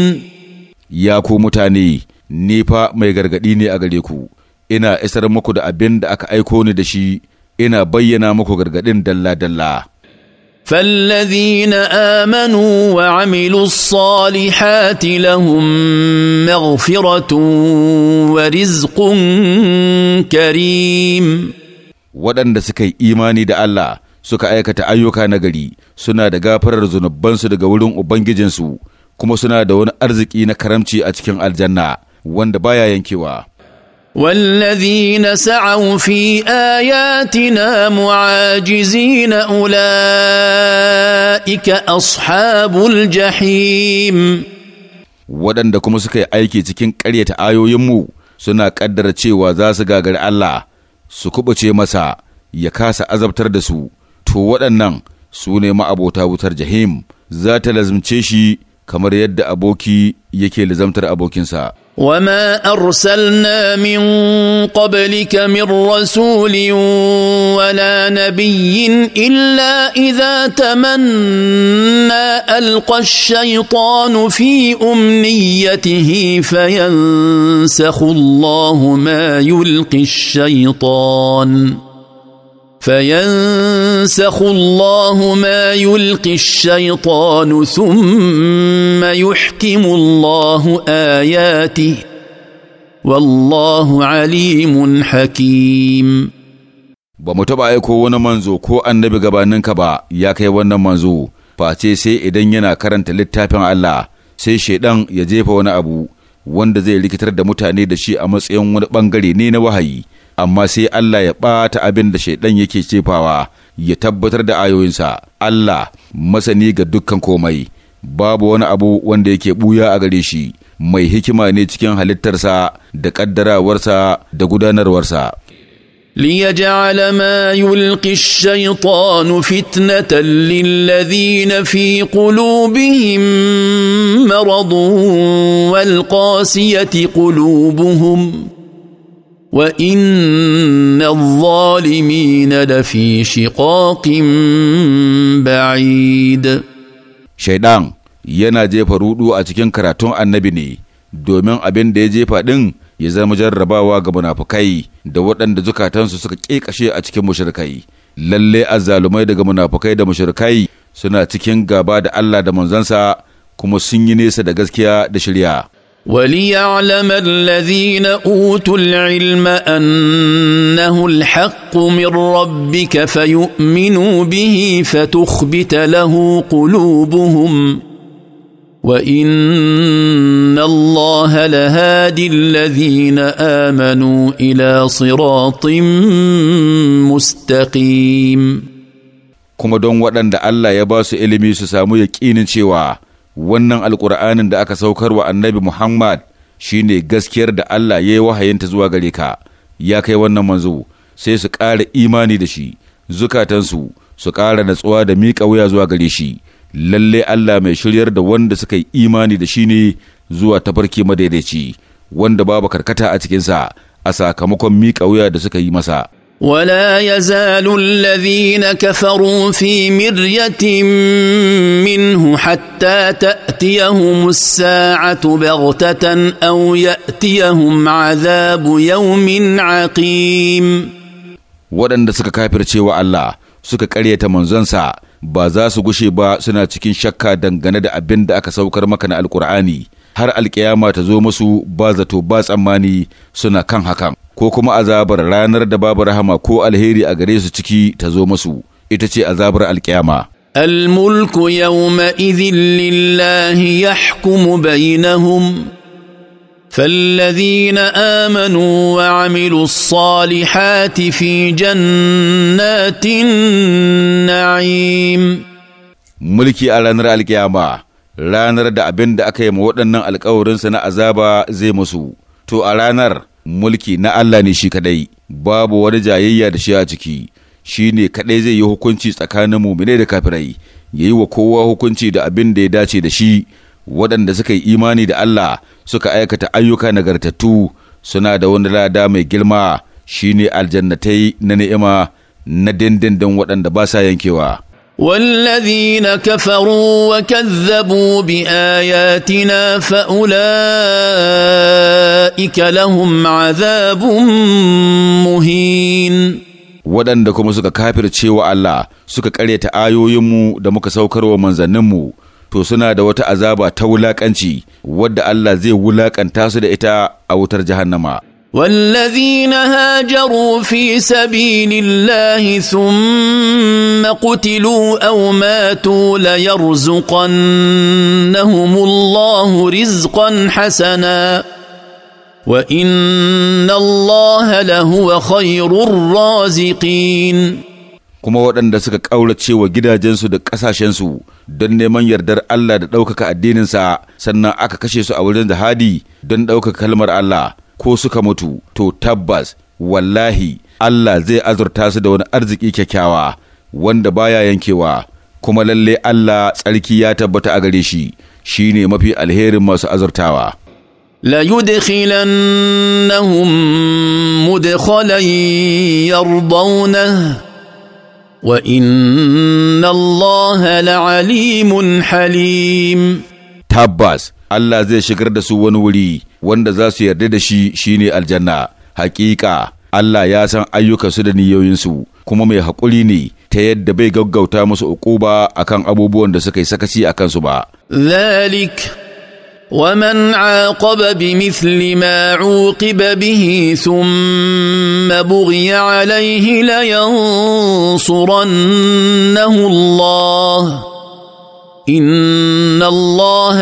يا ku mutane ni mai gargaɗi ne a gare ku ina isar muku da abin da aka aiko ni da shi ina bayyana maku gargaɗin dalla dalla فالذين امنوا وعملوا الصالحات لهم مغفره ورزق كريم waɗanda suka yi imani da Allah suka aikata ayyuka nagari suna da gafarar zunubansu daga wurin Ubangijinsu kuma suna da wani arziki na karamci a cikin aljanna wanda baya yankewa. والذين سعوا في اياتنا معاجزين اولئك اصحاب الجحيم waɗanda kuma suka yi aiki cikin ƙaryata ayoyinmu suna ƙaddara cewa za su gagari Allah su kuɓace masa ya kasa azabtar da su to waɗannan su ne ma'abota wutar jahim za ta lazimce shi kamar yadda aboki yake lazamtar abokinsa وما ارسلنا من قبلك من رسول ولا نبي الا اذا تمنى القى الشيطان في امنيته فينسخ الله ما يلقي الشيطان فينسخ الله ما يلقي الشيطان ثم يحكم الله اياته والله عليم حكيم ba mu taɓa aiko wani manzo ko annabi gabaninka ba ya kai wannan manzo face sai idan yana karanta littafin Allah sai shaidan ya jefa wani abu wanda zai rikitar da mutane da shi a matsayin wani ɓangare ne na wahayi amma sai Allah ya ɓata abin da shaidan yake cefawa ya tabbatar da ayoyinsa Allah masani ga dukkan komai babu wani abu wanda yake buya a gare shi mai hikima ne cikin halittarsa da ƙaddarawarsa da gudanarwarsa ليجعل ما يلقي الشيطان فتنه للذين في قلوبهم مرض والقاسيه قلوبهم وان الظالمين لفي شقاق بعيد shaidan yana jefa rudu a cikin karatun annabi ne domin abin da ya jefa ɗin ya zama jarrabawa ga munafukai da waɗanda zukatansu suka ƙeƙashe a cikin mushrikai lalle azzalumai daga munafukai da mushrikai suna cikin gaba da Allah da manzansa kuma sun yi nesa da gaskiya da shirya وليعلم الذين اوتوا العلم انه الحق من ربك فيؤمنوا به فتخبت له قلوبهم وان الله لهادي الذين امنوا الى صراط مستقيم كما don waɗanda Allah ya ba su ilimi su samu wannan alƙur'anin da aka saukar wa annabi Muhammad shine gaskiyar da Allah ya yi wahayinta zuwa gare ka, ya kai wannan manzo, sai su ƙara imani da shi, zukatansu su ƙara natsuwa da miƙa wuya zuwa gare shi, lalle Allah mai shiryar da wanda suka yi imani da shi ne zuwa tafarki madaidaici, wanda babu karkata a cikinsa a sakamakon miƙa wuya da suka yi masa. ولا يزال الذين كفروا في مريه منه حتى تاتيهم الساعه بغته او ياتيهم عذاب يوم عقيم waɗanda suka kafirce wa Allah suka ƙaryata manzonsa ba za su gushe ba suna cikin shakka dangane da abin da aka saukar maka na alkur'ani har alkiyama ta zo musu ba zato ba tsammani suna kan hakan ko kuma azabar ranar da babu rahama ko alheri a gare su ciki ta zo masu ita ce azabar alkiyama الملك يومئذ لله يحكم بينهم فالذين امنوا وعملوا الصالحات في جنات النعيم mulki a ranar alkiyama ranar da abin da aka yi ma waɗannan alkawarinsa na azaba zai musu to a ranar mulki na Allah ne shi kadai babu wani jayayya da shi a ciki shi ne kadai zai yi hukunci tsakanin muminai da kafirai ya yi wa kowa hukunci da abin da ya dace da shi waɗanda suka yi imani da Allah suka aikata ayyuka nagartattu suna da wani lada mai girma shi ne aljannatai na ni'ima na dindindin waɗanda ba sa yankewa. والذين كفروا وكذبوا باياتنا فاولئك لهم عذاب مهين waɗanda kuma suka kafirce wa Allah suka ƙaryata ayoyinmu da muka saukar wa manzanninmu to suna da wata azaba ta wulaƙanci wadda Allah zai wulaƙanta su da ita a wutar jahannama. والذين هاجروا في سبيل الله ثم قتلوا او ماتوا ليرزقنهم الله رزقا حسنا وان الله لهو خير الرازقين kuma waɗanda suka ƙaurace wa gidajensu da ƙasashensu don neman yardar Allah da ɗaukaka addininsa sannan aka kashe su a wajen jihadi don ɗaukaka kalmar Allah ko suka mutu to tabbas wallahi Allah zai azurta su da wani arziki kyakkyawa wanda baya yankewa kuma lalle Allah tsarki ya tabbata a gare shi shine mafi alherin masu azurtawa La ليدخلنهم مدخلا wa inna الله لعليم Halim. Tabbas. Allah zai shigar da su wani wuri wanda za su yarda da shi shine aljanna hakika Allah ya san ayyukansu da niyoyinsu kuma mai haƙuri ne ta yadda bai gaggauta musu uquba akan abubuwan da suka yi sakaci a kansu ba. Zalik ومن عاقب بمثل ما عوقب به ثم بغي عليه لينصرنه الله inna Allah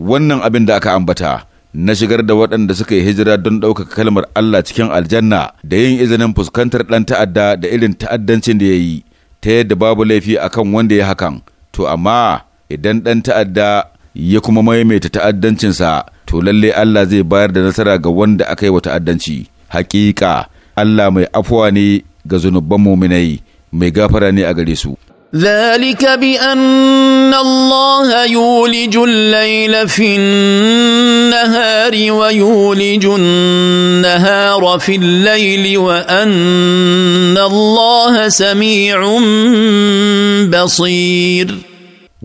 wannan abin da aka ambata na shigar da waɗanda suka yi hijira don ɗaukaka kalmar Allah cikin aljanna da yin izinin fuskantar ɗan ta'adda da irin ta'addancin da ya yi ta yadda babu laifi a kan wanda ya hakan to amma idan ɗan ta'adda ya kuma maimaita ta'addancinsa to lalle Allah zai bayar da nasara ga wanda aka yi wa ta'addanci hakika Allah mai afuwa ne ga zunuban muminai mai gafara ne a gare su ذلك بأن الله يولج الليل في النهار ويولج النهار في الليل وأن الله سميع بصير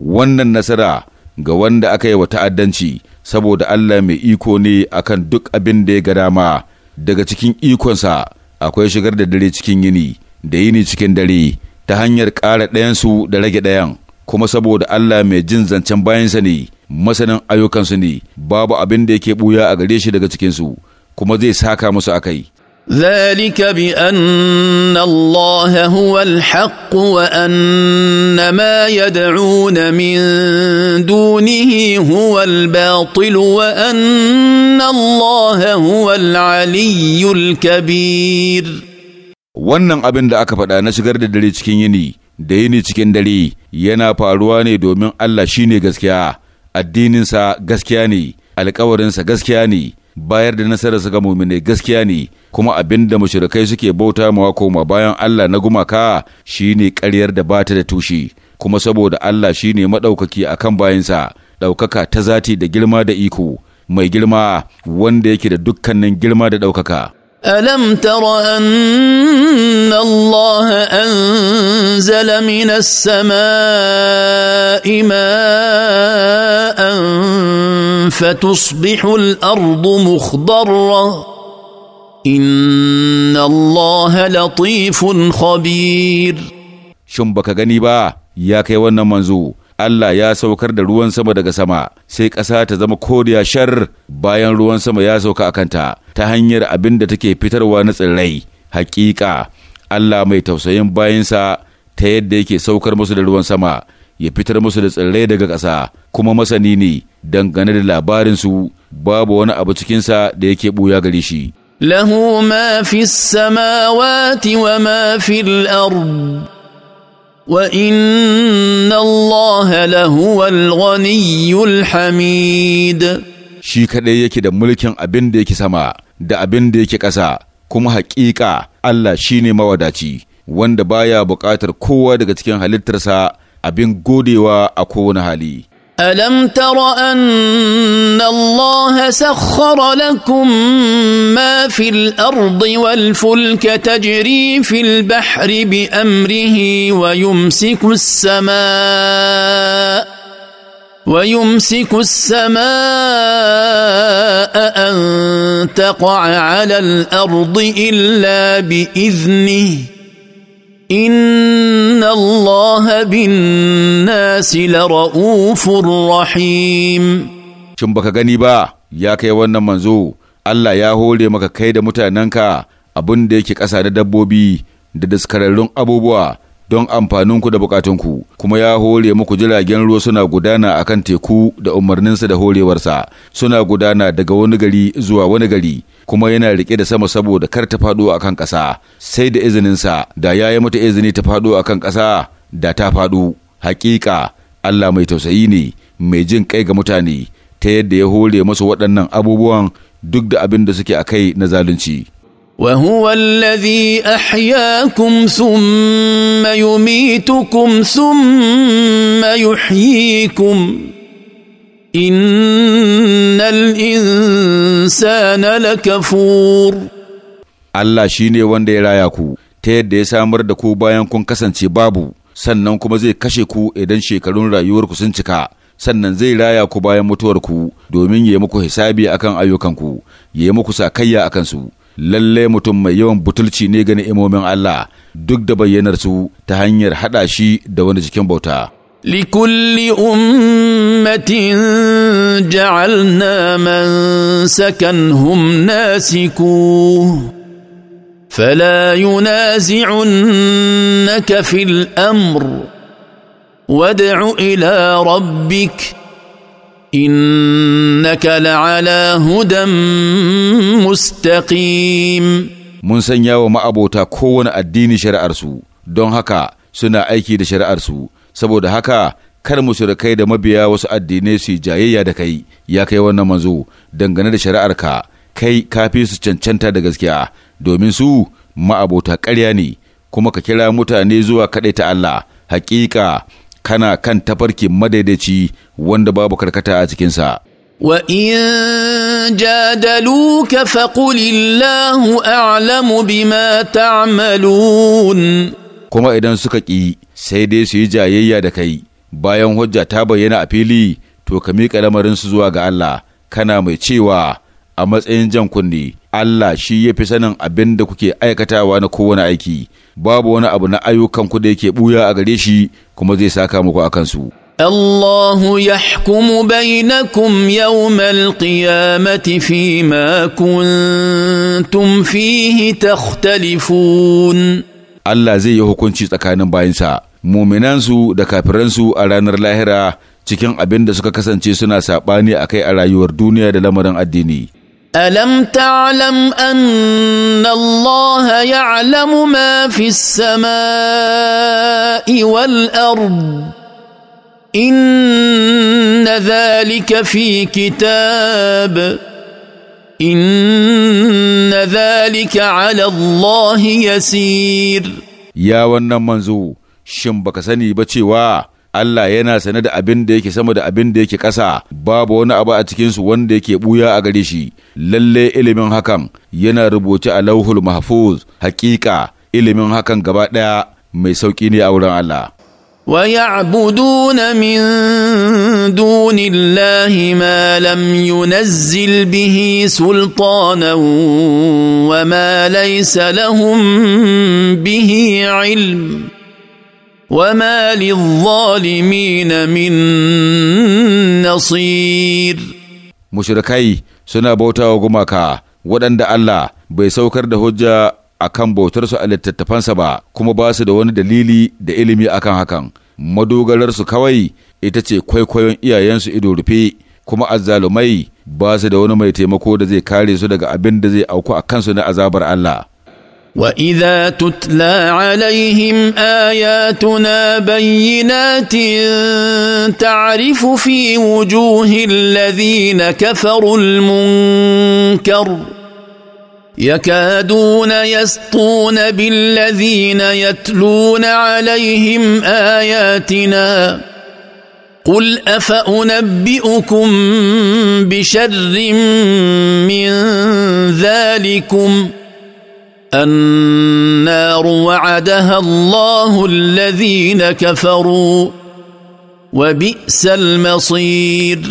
wannan nasara ga wanda aka yi wa ta'addanci saboda Allah mai iko ne akan duk abin da ya ga dama daga cikin ikonsa akwai shigar da dare cikin yini da yini cikin dare ta hanyar ƙara ɗayansu da rage ɗayan kuma saboda Allah mai jin zancen bayansa ne masanin ayyukansu ne babu abin da yake ɓuya a gare shi daga cikinsu kuma zai saka musu a ذلك بان الله هو الحق وان ما يدعون من دونه هو الباطل وان الله هو العلي الكبير wannan abin da aka faɗa na shigar da dare cikin yini da yini cikin dare yana faruwa ne domin Allah shi ne gaskiya addininsa gaskiya ne alkawarinsa gaskiya ne bayar da nasarar sa ga muminai gaskiya ne kuma abin da mushrikai suke bauta mawa koma bayan Allah na gumaka shi ne ƙaryar da bata da tushe kuma saboda Allah shi ne maɗaukaki a kan bayansa ɗaukaka ta zati da girma da iko mai girma wanda yake da dukkanin girma da ɗaukaka الم تر ان الله انزل من السماء ماء فتصبح الارض مخضره ان الله لطيف خبير شنبك غنيبا با يا منزو Allah ya saukar da ruwan sama daga sama sai ƙasa ta zama koriya shar bayan ruwan sama ya sauka a kanta ta hanyar abin da take fitarwa na tsirrai hakika Allah mai tausayin bayansa ta yadda yake saukar musu da ruwan sama ya fitar musu da tsirrai daga ƙasa kuma masani ne dangane da labarinsu babu wani abu cikinsa da yake ɓuya gare shi. Lahu ma fi samawati wa ma وان الله لهو الغني الحميد shi kaɗai yake da mulkin abin da yake sama da abin da yake ƙasa kuma haƙiƙa Allah shi ne mawadaci wanda baya buƙatar kowa daga cikin halittarsa abin godewa a kowane hali. الم تر ان الله سخر لكم ما في الارض والفلك تجري في البحر بامره ويمسك السماء ويمسك السماء ان تقع على الارض الا باذنه إن ان الله بالناس لرؤوف رحيم shin baka gani ba ya kai wannan manzo Allah ya hore maka kai da mutanenka abin da yake ƙasa da dabbobi da daskararrun abubuwa don amfaninku da bukatunku kuma ya hore muku jiragen ruwa suna gudana akan teku da umarninsa da horewarsa suna gudana daga wani gari zuwa wani gari kuma yana rike da sama saboda kar ta faɗo akan ƙasa sai da izininsa da ya yi mata izini ta faɗo akan ƙasa da ta faɗo Haƙiƙa Allah mai tausayi ne mai jin kai ga mutane ta yadda ya hore musu waɗannan abubuwan duk da abin da suke a kai na zalunci. وهو الذي احياكم ثم يميتكم ثم يحييكم ان الانسان لكفور Allah shi ne wanda ya raya ku ta yadda ya samar da ku bayan kun kasance babu sannan kuma zai kashe ku idan shekarun rayuwarku sun cika sannan zai raya ku bayan mutuwarku domin ya muku hisabi akan ayyukanku ya muku sakayya akan su lalle mutum mai yawan butulci ne ga ni'imomin Allah duk da bayyanar su ta hanyar hada shi da wani jikin bauta. لكل أمة جعلنا من سكنهم ناسكوه فلا ينازعنك في الأمر وادع إلى ربك ۖ إنك لعلى هدى مستقيم mun sanya wa ma'abota kowane addini shari'arsu don haka suna aiki da shari'arsu saboda haka kar mushrikai da mabiya wasu addinai suyi jayayya da kai ya kai wannan manzo dangane da shari'arka kai kafi su cancanta da gaskiya domin su ma'abota karya ne kuma ka kira mutane zuwa kaɗai ta Allah hakika kana kan tafarkin madaidaici wanda babu karkata a cikinsa. وإن جادلوك فقل alamu أعلم بما تعملون kuma idan suka ƙi sai dai su yi jayayya da kai bayan hujja ta bayyana a fili to ka miƙa lamarinsu zuwa ga Allah kana mai cewa a matsayin jan kunne Allah shi ya fi sanin abin da kuke aikatawa na kowane aiki babu wani abu na ku da yake ɓuya a gare shi kuma zai saka muku a kansu. الله يحكم بينكم يوم القيامة فيما كنتم فيه talifun. Allah zai yi hukunci tsakanin bayansa, muminansu da kafiransu a ranar lahira cikin abin da suka kasance suna saɓani a kai a rayuwar duniya da lamarin addini. الم تعلم ان الله يعلم ما في السماء والارض ان ذلك في كتاب ان ذلك على الله يسير يا wannan منزو shin baka Allah yana sane da abin da yake sama da abin da yake ƙasa, babu wani abu a cikinsu wanda yake ɓuya a gare shi, lalle ilimin hakan yana rubuce a lauhul mahfuz haƙiƙa ilimin hakan gaba ɗaya mai sauƙi ne a wurin Allah. ويعبدون من دون الله ما لم ينزل به سلطانا وما ليس لهم به علم وما للظالمين من نصير mushrikai suna bauta wa gumaka waɗanda Allah bai saukar da hujja a kan bautarsu a littattafansa ba kuma ba su da wani dalili da ilimi akan hakan madogararsu kawai ita ce kwaikwayon iyayensu ido rufe kuma azzalumai ba su da wani mai taimako da zai kare su daga abin da zai auku a kansu na azabar Allah واذا تتلى عليهم اياتنا بينات تعرف في وجوه الذين كفروا المنكر يكادون يسطون بالذين يتلون عليهم اياتنا قل افانبئكم بشر من ذلكم ۖ النار وعدها الله الذين كفروا وبئس المصير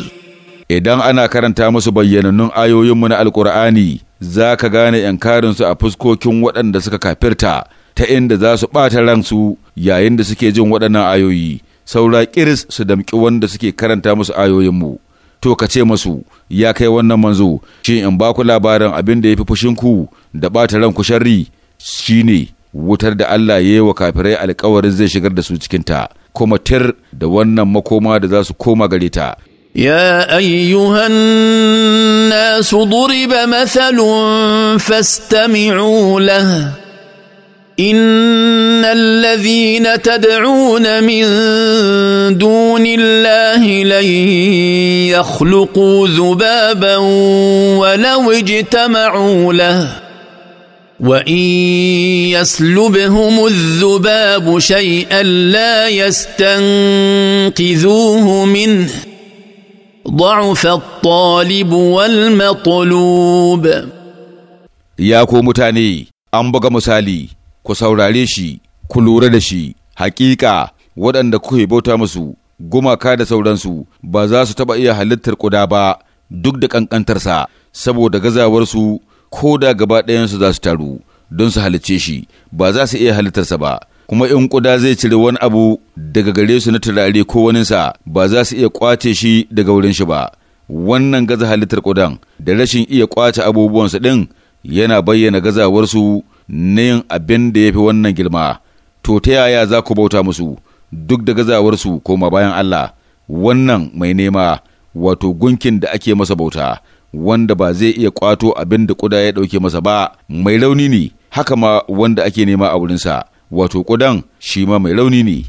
idan ana karanta musu bayyanannun ayoyinmu na alkur'ani za ka gane su a fuskokin waɗanda suka kafirta ta inda za su ɓata ransu yayin da suke jin waɗannan ayoyi saura ƙiris su damƙi wanda suke karanta musu ayoyinmu to ka ce musu ya kai wannan manzo shi in ba ku labarin abin da ya fi fushin ku da ɓata ranku sharri ne, wutar da Allah ya yi wa kafirai alkawarin zai shigar da su cikinta kuma tir da wannan makoma da za su koma gare ta يا ايها الناس ضرب مثل فاستمعوا له ان الذين تدعون من دون الله لن يخلقوا ذبابا ولو اجتمعوا له وان يسلبهم الذباب شيئا لا يستنقذوه منه ضعف الطالب والمطلوب يا متاني امبغا مسالي ku saurare shi, ku lura da shi, hakika waɗanda kuke bauta musu, gumaka da sauransu ba za su taɓa iya halittar ƙuda ba duk da ƙanƙantarsa, saboda gazawarsu ko da gaba ɗayansu za su taru don su halicce shi, ba za su iya halittarsa ba. kuma in ƙuda zai cire wani abu daga gare su na turare ko waninsa ba za su iya ƙwace shi daga wurin shi ba wannan gaza halittar ƙudan da rashin iya ƙwace abubuwansa ɗin yana bayyana gazawarsu na yin abin da ya fi wannan girma, to ta yaya za ku bauta musu duk da gazawarsu koma bayan Allah, wannan mai nema wato gunkin da ake masa bauta, wanda ba zai iya kwato abin da ƙuda ya ɗauke masa ba, mai rauni ne, haka ma wanda ake nema a wurinsa, wato ƙudan shi ma mai rauni ne.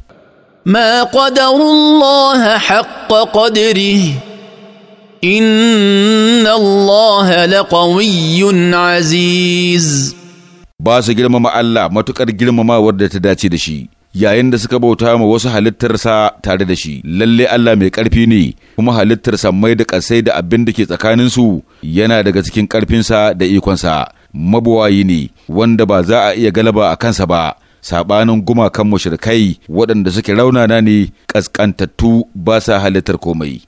ما قدر الله حق قدره الله لقوي عزيز ba su girmama Allah matuƙar girmamawar da ta dace da shi yayin da suka bauta ma wasu halittarsa tare da shi lalle Allah mai ƙarfi ne kuma halittarsa mai da ƙasai da abin da ke tsakanin su yana daga cikin ƙarfinsa da ikonsa mabuwayi ne wanda ba za a iya galaba a kansa ba sabanin gumakan mushrikai waɗanda suke raunana ne ƙasƙantattu ba sa halittar komai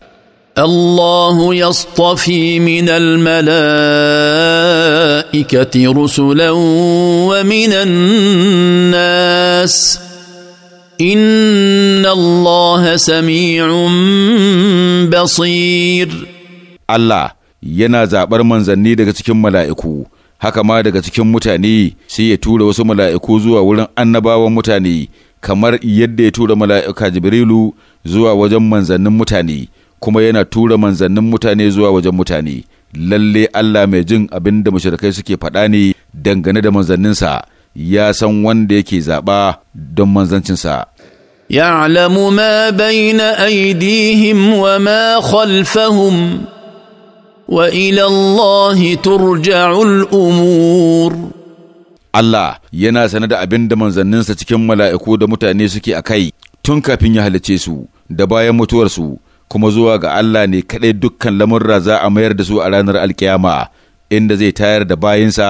الله يصطفي من الملائكه رسلا ومن الناس ان الله سميع بصير الله yana zaɓar manzanni daga cikin mala'iku haka ma daga cikin mutane sai ya tura wasu mala'iku zuwa wurin annabawan mutane kamar yadda ya tura mala'ika jibrilu zuwa wajen manzannin mutane kuma yana tura manzannin mutane zuwa wajen mutane lalle Allah mai jin abin da mushrikai suke faɗa ne dangane da manzanninsa ya san wanda yake zaɓa don manzancinsa يعلم ما بين أيديهم وما wa ilallahi الله ترجع الأمور Allah yana sane da abin da manzanninsa cikin mala'iku da mutane suke a kai tun kafin ya halarce su da bayan mutuwarsu kuma zuwa ga Allah ne kaɗai dukkan lamurra za a mayar da su a ranar alkiyama inda zai tayar da bayansa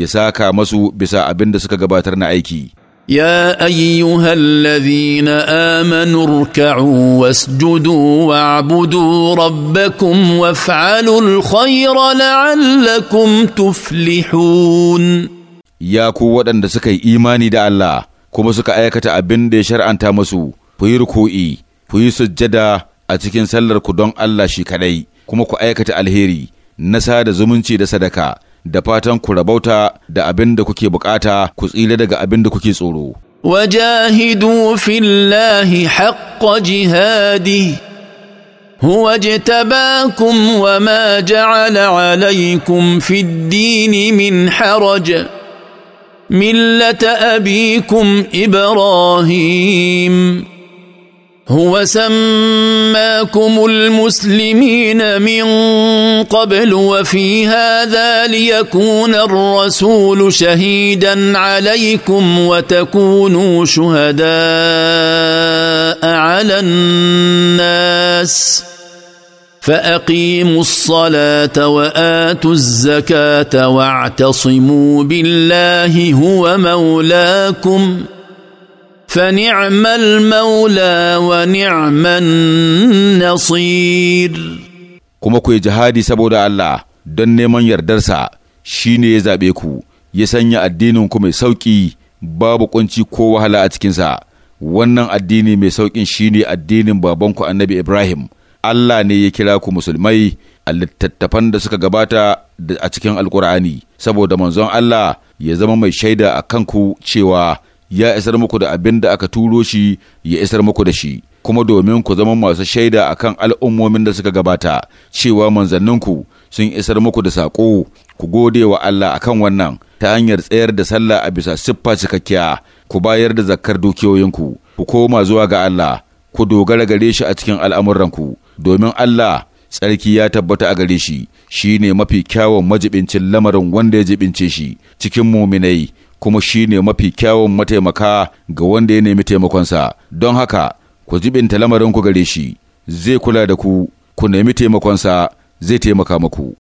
ya saka masu bisa abin da suka gabatar na aiki. Ya ayyuhal ladhina amanu ruk'u wasjudu wa'budu rabbakum waf'alul khayra la'allakum tuflihun. Ya ku waɗanda suka yi imani da Allah kuma suka aikata abin da ya shar'anta masu, ku yi ruku'i, ku sujjada a cikin sallar ku don Allah shi kadai kuma ku aikata alheri na sada zumunci da sadaka da fatan ku rabauta da abin da kuke bukata ku tsira daga abin da kuke tsoro وجاهدوا في الله حق جهاده هو اجتباكم وما جعل عليكم في الدين من حرج مله ابيكم ابراهيم هو سماكم المسلمين من قبل وفي هذا ليكون الرسول شهيدا عليكم وتكونوا شهداء على الناس فاقيموا الصلاه واتوا الزكاه واعتصموا بالله هو مولاكم فنعم المولى ونعم النصير kuma ku yi jihadi saboda Allah don neman yardarsa shi ne ya zaɓe ku ya sanya addinin ku mai sauƙi babu ƙunci ko wahala a cikinsa wannan addini mai sauƙin shi ne addinin babanku annabi Ibrahim Allah ne ya kira ku musulmai a littattafan da suka gabata a cikin alkur'ani saboda manzon Allah ya zama mai shaida a kanku cewa ya isar muku da abin da aka turo shi ya isar muku da shi kuma domin ku zama masu shaida a kan al'ummomin da suka gabata cewa manzanninku sun isar muku da saƙo ku gode wa Allah a kan wannan ta hanyar tsayar da sallah a bisa siffa cikakkiya ku bayar da zakkar dukiyoyinku ku koma zuwa ga Allah ku dogara gare shi a cikin al'amuranku domin Allah tsarki ya tabbata a gare shi ne mafi kyawun majibincin lamarin wanda ya jibince shi cikin muminai kuma shi ne mafi kyawun mataimaka ga wanda ya nemi taimakonsa don haka ku jibinta ku gare shi zai kula da ku ku nemi taimakonsa zai taimaka muku